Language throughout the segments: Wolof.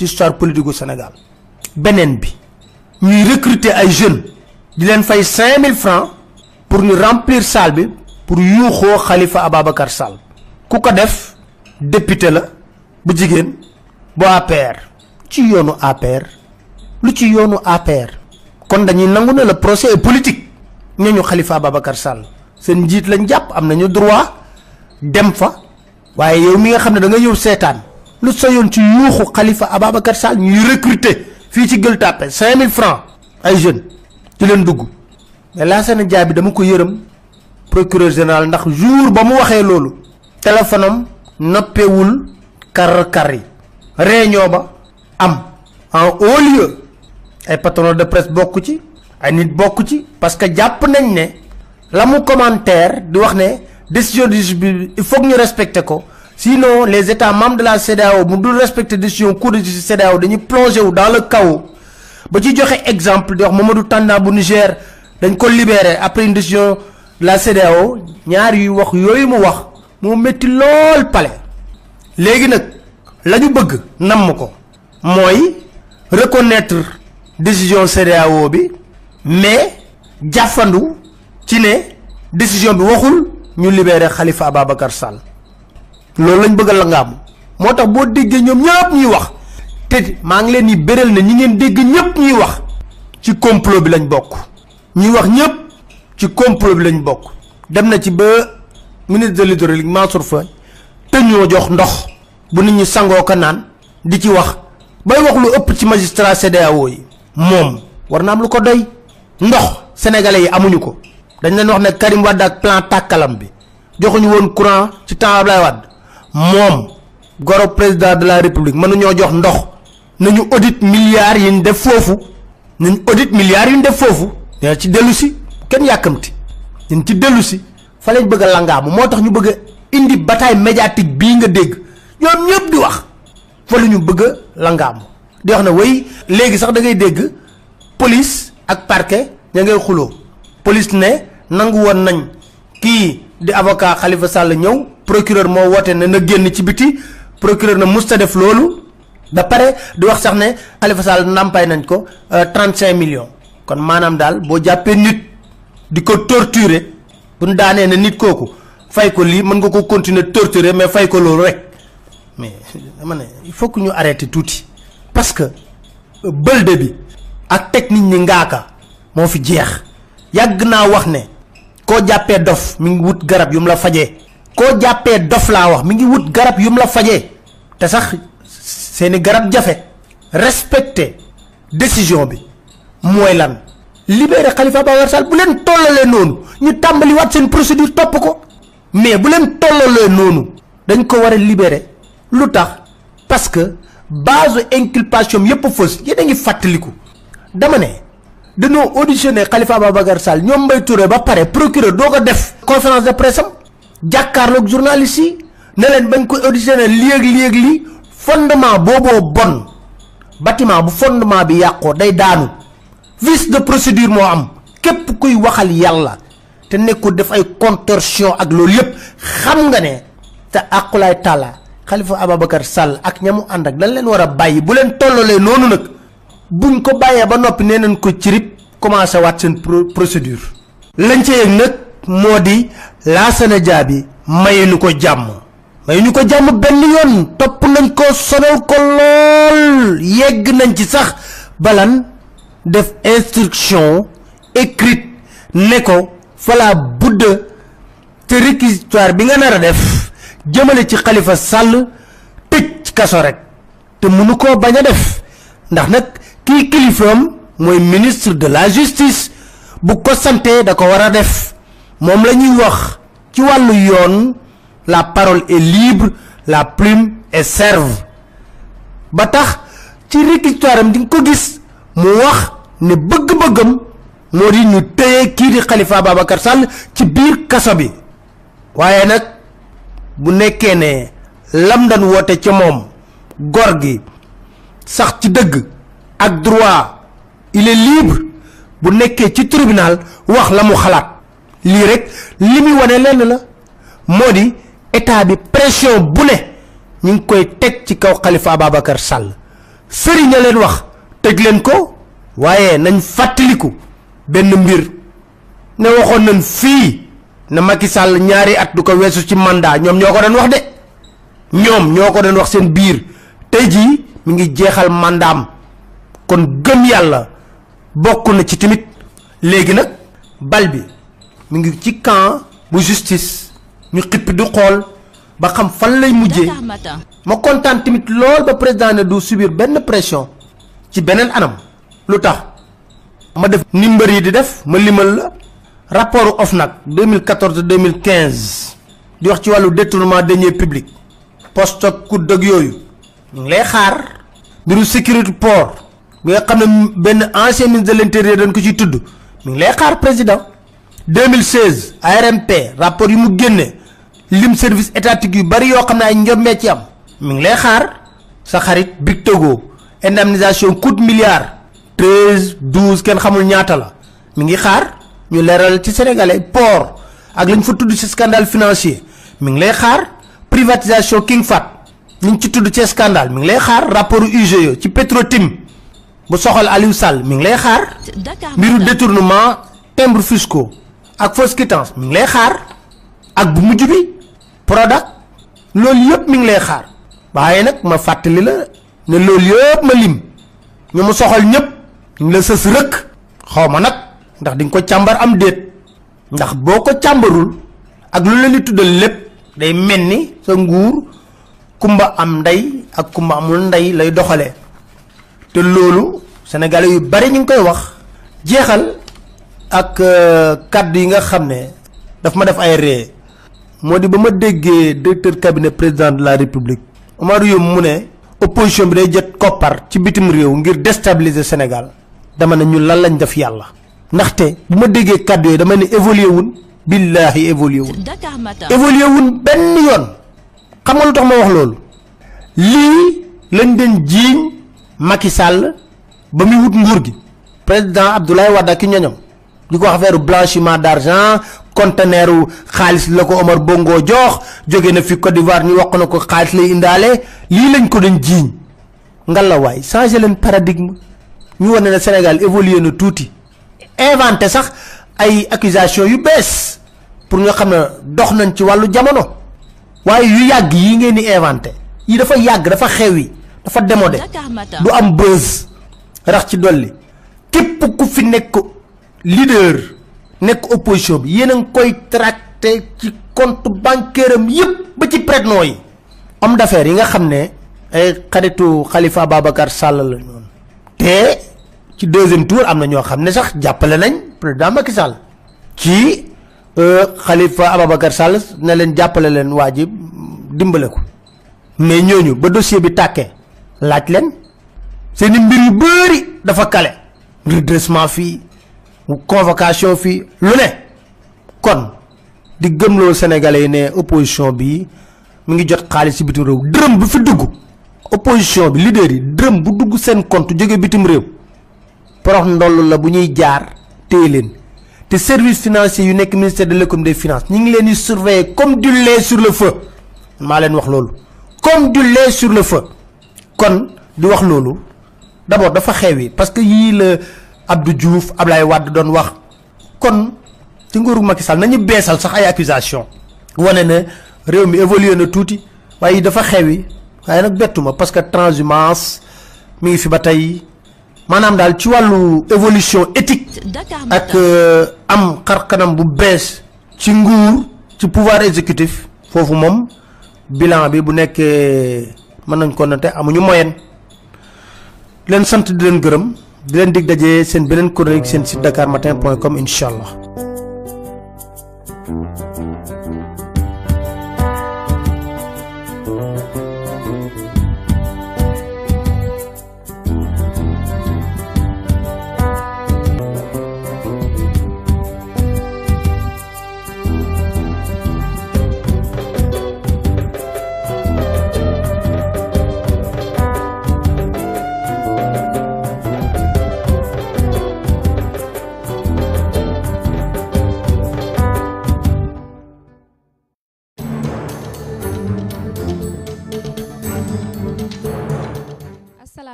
ci histoire politique gu Sénégal beneen bi ñuy recruter ay jeunes di leen fay cinq mille francs pour ñu remplir salle bi pour yuuxoo xalifa Ababacar Sall ku ko def député la bu jigéen bu APR ci yoonu APR lu ci yoonu APR kon dañuy nangu ne le procès est politique nee ñu Khalifa Ababacar seen njiit lañ jàpp am nañu droit dem fa waaye yow mi nga xam ne da nga ñëw seetaan lu sa yoon ci yuuxu Khalifa Ababacar Sall ñuy recruter fii ci Gueule Tapée mille francs ay jeunes ci leen dugg mais Lassana Ndiaye bi dama ko yërëm procureur général ndax jour ba mu waxee loolu téléphone am noppewul kar kar yi réunion ba am en haut lieu ay patron de presse bokk ci ay nit bokk ci parce que jàpp nañ ne la mu commentaire di wax ne décision du juge bi il faut ñu respecter ko sinon les états membres de la CEDEAO bu dul respecter décision cour de justice CEDEAO dañuy plongé wu dans le chaos ba ci joxe exemple di wax Mamadou tànnaa bu Niger dañ ko libéré après une décision de la CEDEAO ñaar yuy wax yooyu mu wax moo métti lool pale léegi nag la ñu bëgg namm ko mooy reconnaître décision CEDEAO bi mais jàppandu ci ne décision bi waxul ñu libéré Khalifa Ababacar Sall loolu lañ bëgg a langaamu moo tax boo déggee ñoom ñëpp ñuy wax te maa ngi leen di béral ne ñi ngeen dégg ñëpp ñuy wax ci complot bi lañ bokk ñuy wax ñëpp ci complot bi lañ bokk dem na ci ba ministre de l'hydraulique Mansour Faye te ñoo jox ndox bu nit ñi sangoo ko naan di ci wax bay wax lu ëpp ci magistrat CEDEAO yi moom war na am lu ko doy ndox sénégalais yi amuñu ko dañ leen wax ne Karim Wade ak plan tàkkalam bi joxuñu woon courant ci temps Abdoulaye moom goro président de la république mënuñoo jox ndox nañu audit milliards yi ñu def foofu nañ audit milliards yi ñu def foofu dina ci dellu si kenn yàkkamti dañ ci dellu si fa lañ bëgg langaamu moo tax ñu bëgg a indi bataille médiatique bii nga dégg yoon ñëpp di wax fa la ñu bëgg a langaamu di wax ne way léegi sax dangay dégg police ak parquet ña ngay xuloo police ne nangu woon nañ kii di avocat Khalifa Sall ñëw procureur moo woote ne na génn ci biti procureur na musta def loolu da pare di wax sax ne Khalifa Sall nàmpaay nañ ko 35 euh, million kon maanaam daal boo jàppee nit di ko torturer bu ñu daanee na nit kooku fay ko lii mën nga ko continuer torturer mais fay ko loolu rek mais dama ne il faut ñu arrêté tuuti parce que euh, bëlde bi ak teg nit ñi ngaaka moo fi jeex yàgg naa wax ne koo jàppee dof mu ngi wut garab yu mu la fajee koo jàppee dof laa wax mi ngi wut garab yum la fajee te sax seeni garab jafe respecté décision bi mooy lan libéré Khalifa Ababacar Sall bu leen tollalee noonu ñu tàmbaliwaat seen procédure topp ko mais bu leen tollalee noonu dañ ko war a libéré lu tax parce que base inculpation yépp fausse yéen a ngi fàttaliku dama ne dañoo auditionné Khalifa Ababacar Sall ñoom Mbaye Touré ba pare procureur doo ko def conférence de presse jàkkaarlook journaliste yi ne leen bañ koy auditionné léeg-léeg li fondement booboo bon bâtiment bu fondement bi yàqoo day daanu vice de procédure moo am képp kuy waxal yàlla te nekkul def ay contorsion ak loolu yépp xam nga ne te àqulaay tàlla xalifa Ababacar Sall ak ñamu ànd ak dañ leen war a bàyyi bu leen tollalee noonu nag buñ ko bàyyee ba noppi nee nañ ko cirib commencé waat seen procédure lañ ca yëg nag moo di bi Jaabi mayuñu ko jàmm ñu ko jàmm benn yoon topp nañ ko sonal ko lool yegg nañ ci sax balan def instruction écrite ne ko fala budda te réquisitoire bi nga nar a def jëmale ci Xalifa Sàll tëj ci kaso rek te mënu ko bañ a def ndax nag kii kilifam mooy ministre de la justice bu ko sante da ko war a def moom la ñuy wax ci wàllu yoon la parole et libre la plume et serve ba tax ci réquisitoire am di ko gis mu wax ne bëgg-bëggam moo di ñu téye kii di Khalifa Ababacar Sall ci biir kaso bi waaye nag bu nekkee ne lam dan woote ca moom góor gi sax ci dëgg ak droit il est libre bu nekkee ci tribunal wax la mu xalaat lii rek li muy wane lenn la moo di état bi pression bu ne ñu ngi koy teg ci kaw Khalifa Ababacar Sall sëriñ a leen wax tëj leen ko waaye nañ fàttaliku benn mbir ne waxoon nañ fii na Macky Sall ñaari at du ko weesu ci mandat ñoom ñoo ko doon wax de ñoom ñoo ko doon wax seen biir tey jii mi ngi jeexal màndaam kon gëm yàlla bokk na ci tamit léegi nag bal bi mi ngi ci camp bu justice ñu xippi du xool ba xam fan lay mujjee ma kontaan tamit lool ba président ne du subir benn pression ci beneen anam lu tax ma def ni mbër yi di def ma limal la rapportu OFNAC 2014 2015 di wax ci wàllu détournement deniers publics poste ak kudd ak yooyu ñu ngi lay xaar mbiru sécurité port bi nga xam ne benn ancien ministre de l'intérieur dañ ko ciy tudd mi ngi lay xaar président 2016 ARMP rapport yi mu génne lim service étatique yu bari yoo xam ne ay njombee ci am mi ngi lay xaar sa xarit Big Togo indemnisation coûte milliard 13 12 kenn xamul ñaata la mi ngi xaar ñu leeral ci sénégalais port ak lañ fa tudd ci scandale financier mi ngi lay xaar privatisation King Fahd liñ ci tudd ci scandale mi ngi lay xaar rapport UGE ci Petrotim bu soxal Aliou Sall mi ngi lay xaar mbiru détournement timbre fiscaux ak fausse quittance mi ngi lay xaar ak bu mujj bi Prodac loolu yëpp mu ngi lay xaar waaye nag ma fàttali la ne loolu yëpp ma lim ñu ma soxal ñëpp ñu la sës rëkk xaw ma nag ndax di nga ko càmbar am déet ndax boo ko càmbarul ak lu leen di tuddal lépp day mel ni sa nguur kumba am ndey ak kumba amul ndey lay doxalee te loolu sénégalais yu bari ñu ngi koy wax jeexal ak euh, kàddu yi nga xam ne daf ma def ay ree moo di ba ma déggee directeur cabinet président de la république Oumar mu ne opposition bi day jot koppar ci bitim réew ngir déstabiliser Sénégal dama ne ñu lan lañ def yàlla ndaxte bu ma déggee kàddu yi dama ne évolué wun billaahi évolué wun évolué wun benn yoon xam nga lu tax ma wax loolu lii lañ den jiiñ Macky ba muy wut nguur gi président Abdoulaye Wade ak ñoñom di ko wax affaire blanchiment d'argent conteneur xaalis la ko Omar Bongo jox jóge na fi Côte d'Ivoire ñu wax na ko xaalis lay indaale lii lañ ko doon jiiñ ngalawaay changé leen paradigme ñu wane ne Sénégal évolué na tuuti inventé sax ay accusation yu bees pour ñoo xam ne dox nañ ci wàllu jamono waaye yu yàgg yi ngeen di inventé yi dafa yàgg dafa xewi dafa démodé du am buzz rax ci dolli képp ku fi nekk. leader nekk opposition bi yéen a ngi koy tracté ci compte bancaire am yëpp ba ci prête-nom yi. am d'affaires yi nga xam ne ay xaritu xalifa Babacar Sall la noonu te ci deuxième tour am na ñoo xam ne sax jàppale nañ président Macky Sall ci euh, Khalifa Ababacar Sall ne leen jàppale leen waa ji dimbale ko mais ñooñu ba dossier bi tàkkee laaj leen seeni mbir yu bari dafa kale redressement fii convocation fii lu ne kon di gëmloo sénégalais yi ne opposition bi mu ngi jot xaalis ci bitim réew dërëm bu fi dugg opposition bi leader yi dërëm bu dugg seen compte jóge bitim réew porox ndoll la bu ñuy jaar téye leen te service financier yu nekk ministère de l'économie des finances ñi ngi leen di surveiller comme du lait sur le feu maa leen wax loolu comme du lait sur le feu kon di wax loolu d'abord dafa xew yi parce que yii la juuf Diouf Ablaye Wade doon wax kon ci nguuru Macky Sall nañu beesal sax ay accusation wane ne réew mi évolué na tuuti waaye dafa xewi waaye nag bettuma parce que transhumance mi ngi fi ba tey maanaam daal ci wàllu évolution éthique ak euh, am xarkanam bu bees ci nguur ci pouvoir exécutif foofu moom bilan bi bu nekkee mën nañ ko te amuñu moyen leen sant di leen gërëm di leen dig dajee seen beneen chronique seen site dakar matin point com incha allah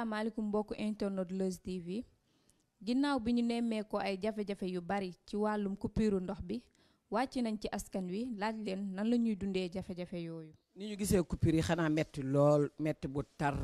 asalaamaaleykum mbokku internet Leuz TV ginnaaw bi ñu nemmeekoo ay jafe-jafe yu bari ci wàllum coupure ndox bi wàcc nañ ci askan wi laaj leen nan la ñuy dundee jafe-jafe yooyu. ni ñu gisee coupure yi xanaa metti lool metti bu tar